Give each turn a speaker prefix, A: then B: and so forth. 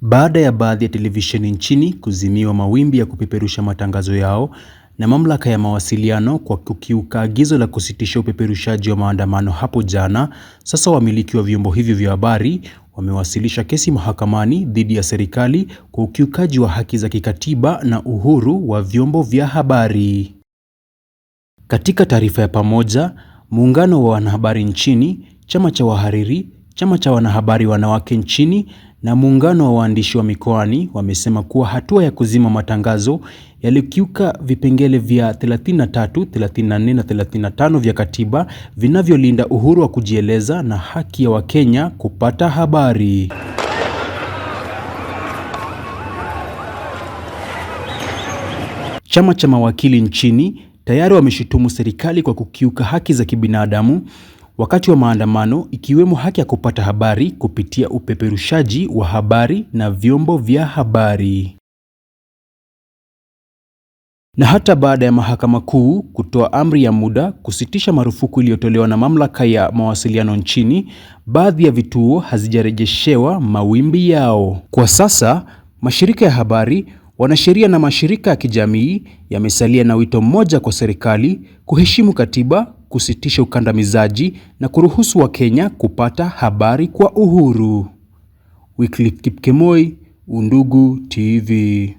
A: baada ya baadhi ya televisheni nchini kuzimiwa mawimbi ya kupeperusha matangazo yao na Mamlaka ya Mawasiliano kwa kukiuka agizo la kusitisha upeperushaji wa maandamano hapo jana, sasa wamiliki wa vyombo hivyo vya habari wamewasilisha kesi mahakamani dhidi ya serikali kwa ukiukaji wa haki za kikatiba na uhuru wa vyombo vya habari. Katika taarifa ya pamoja, muungano wa wanahabari nchini, chama cha wahariri, chama cha wanahabari wanawake nchini na muungano wa waandishi wa mikoani wamesema kuwa hatua ya kuzima matangazo yalikiuka vipengele vya 33, 34 na 35 vya katiba vinavyolinda uhuru wa kujieleza na haki ya Wakenya kupata habari. Chama cha mawakili nchini tayari wameshutumu serikali kwa kukiuka haki za kibinadamu wakati wa maandamano ikiwemo haki ya kupata habari kupitia upeperushaji wa habari na vyombo vya habari. Na hata baada ya Mahakama Kuu kutoa amri ya muda kusitisha marufuku iliyotolewa na mamlaka ya mawasiliano nchini, baadhi ya vituo hazijarejeshewa mawimbi yao. Kwa sasa, mashirika ya habari, wanasheria na mashirika ya kijamii yamesalia na wito mmoja kwa serikali kuheshimu katiba kusitisha ukandamizaji na kuruhusu Wakenya kupata habari kwa uhuru. Wycliffe Kipkemoi, Undugu TV.